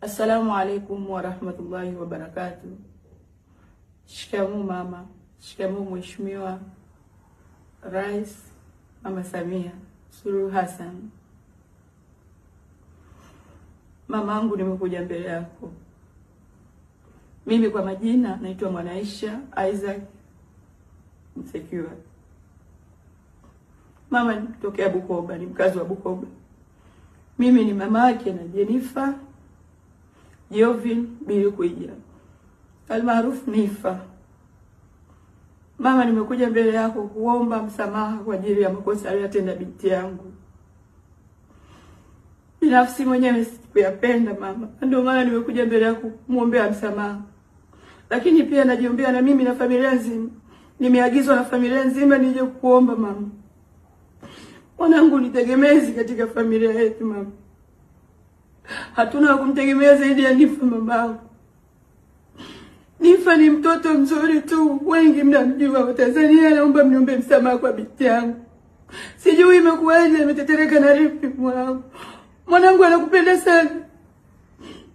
Assalamu alaikum warahmatullahi wabarakatu shikamu mama, shikamu mheshimiwa Rais Mama Samia Suluhu Hassan. Mama angu, nimekuja mbele yako. Mimi kwa majina naitwa Mwanaisha Isaac Msekiwa. Mama, nikutokea Bukoba, ni mkazi wa Bukoba. Mimi ni mama yake na Jenifa Jovin Bilikuija almaarufu Nifa. Mama, nimekuja mbele yako kuomba msamaha kwa ajili ya makosa aliyotenda binti yangu. Binafsi mwenyewe sikuyapenda mama, ndio maana nimekuja mbele yako kumwombea msamaha, lakini pia najiombea na mimi na familia nzima. Nimeagizwa na familia nzima nije kuomba mama. Mwanangu ni tegemezi katika familia yetu mama hatuna kumtegemea zaidi ya Nifa mamao. Nifa ni mtoto mzuri tu, wengi mnamjua. Tanzania. naomba mniombe msamaha kwa binti yangu, sijui imekuwaje, ametetereka na rifi mwangu. Mwanangu anakupenda sana.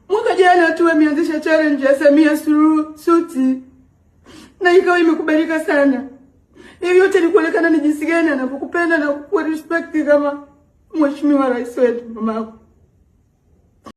Mwaka jana tu ameanzisha challenge ya Samia Suluhu suti na ikawa imekubalika sana. Hiyo yote ni kuonekana ni jinsi gani anapokupenda na kukuwa respect kama mheshimiwa rais wetu mamangu.